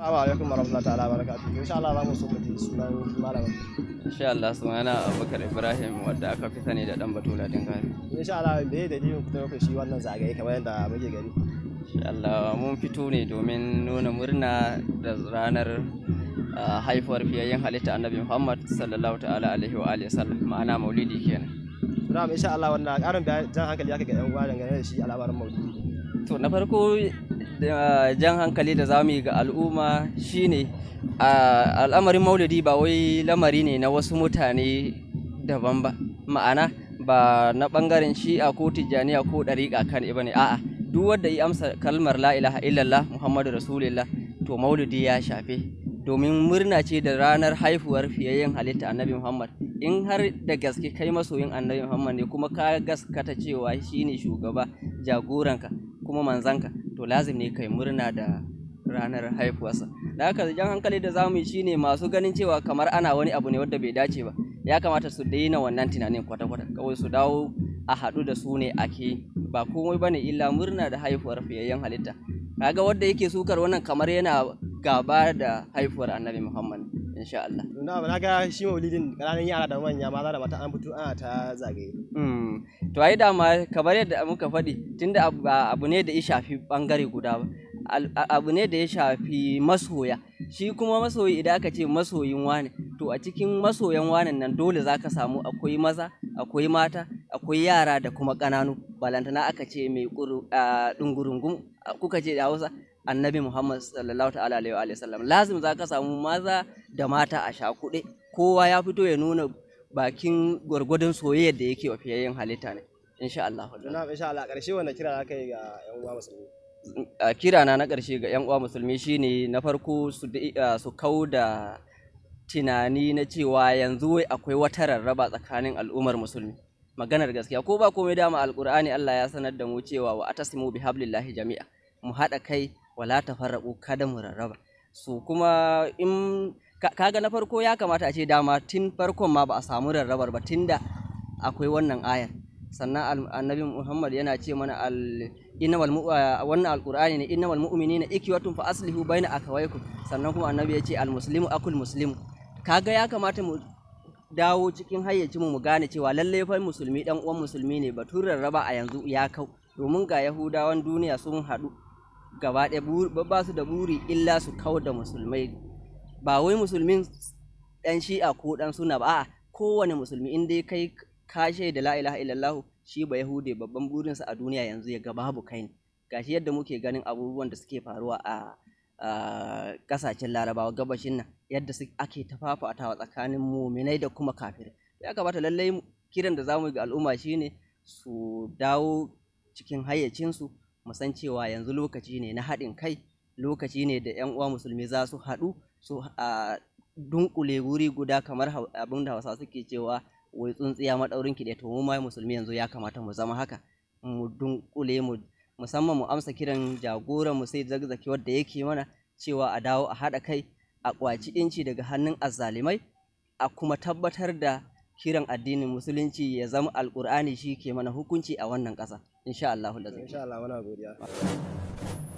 Assalamu warahmatullahi ta'ala barakatuh. Insha Allah so mutum sunana Abubakar Ibrahim wanda aka fi sani da dan Batula dalilin fitar ku shi wannan zagaye kamar yadda muke gani. mun fito ne domin nuna murna da ranar haifuwar fiyayyen halitta Annabi Muhammad sallallahu ta'ala alaihi wa alihi sallam ma'ana maulidi kenan. Na'am insha Allah wannan jan hankali aka ga yan uwa dangane da shi al'amarin maulidi. To na farko jan hankali da zamu yi ga al'umma shine al'amarin maulidi ba wai lamari ne na wasu mutane daban ba ma'ana ba na bangaren shi'a ko tijjaniya ko dariƙa kan iba ne a'a duk wanda ya amsa kalmar la ilaha illallah muhammadu rasulillah to maulidi ya shafe domin murna ce da ranar haifuwar fiyayyen halitta annabi muhammad in har da gaske kai masoyin annabi muhammad ne kuma ka gaskata cewa shine shugaba jagoranka kuma manzanka to lazim ne kai murna da ranar haifuwarsa da haka jan hankali da zamu yi shine masu ganin cewa kamar ana wani abu ne wanda bai dace ba ya kamata su daina wannan tunanin kwata-kwata kawai su dawo a hadu da su ne ake ba komai bane illa murna da haifuwar fiyayyen halitta kaga wanda yake sukar wannan kamar yana gaba da haifuwar annabi muhammad insha Allah na na ga shi maulidin ƙananan yara da manya za da mata an fito ana ta zagaye hmm. to ai dama kamar yadda muka faɗi tunda abu ne da ya shafi bangare guda ba abu ne da ya shafi masoya shi kuma masoyi idan aka ce masoyin wane to a cikin masoyan wanen nan dole za ka samu akwai maza akwai mata akwai yara da kuma ƙananu balantana aka ce mai ɗungurungun kuka ce da hausa annabi muhammad sallallahu ta'ala alaihi wa sallam lazim za ka samu maza da mata a sha kuɗe kowa ya fito ya nuna bakin gwargwadon soyayyar da yake wa fiyayyen halitta ne insha Allah insha Allah kira za ka yi ga yan uwa musulmi a kira na na ƙarshe ga yan uwa musulmi shine na farko su kau da tunani na cewa yanzu akwai wata rarraba tsakanin al'ummar musulmi maganar gaskiya ko ba komai dama alqur'ani Allah ya sanar da mu cewa wa atasimu bihablillahi jami'a mu haɗa kai wala tafarraqu kada mu rarraba so kuma in kaga na farko ya kamata a ce dama tun farkon ma ba a samu rarrabar ba tunda akwai wannan ayar sannan annabi Muhammad yana ce mana al innamal wannan alqur'ani ne innamal mu'minina ikwatun fa aslihu baina akawaykum sannan kuma annabi ya ce al muslimu akul muslim kaga ya kamata mu dawo cikin hayyacinmu mu gane cewa lallai fa musulmi dan uwan musulmi ne batun rarraba a yanzu ya kau domin ga yahudawan duniya sun haɗu gaba ɗaya ba su da buri illa su kau da musulmai ba wai musulmin dan shi'a ko dan suna ba a kowane musulmi in dai kai kashe da la ilaha illallah shi ba yahude babban burinsa a duniya yanzu ya ga babu kai ne gashi yadda muke ganin abubuwan da suke faruwa a kasashen larabawa gabashin nan yadda su ake tafafatawa tsakanin muminai da kuma kafirai ya kamata lallai kiran da zamu yi ga al'umma shine su dawo cikin hayyacinsu mu san cewa yanzu lokaci ne na haɗin kai lokaci ne da 'yan uwa musulmi za su haɗu su a dunkule wuri guda kamar abin da hausa suke cewa wai tsuntsiya maɗaurin ki to mu ma musulmi yanzu ya kamata mu zama haka mu dunkule mu musamman mu amsa kiran jagoran mu sai zagzaki wadda yake mana cewa a dawo a haɗa kai a kwaci inci daga hannun azzalimai a kuma tabbatar da kiran addinin musulunci ya zama alƙur'ani shi ke mana hukunci a wannan ƙasa insha Allah insha Allah muna godiya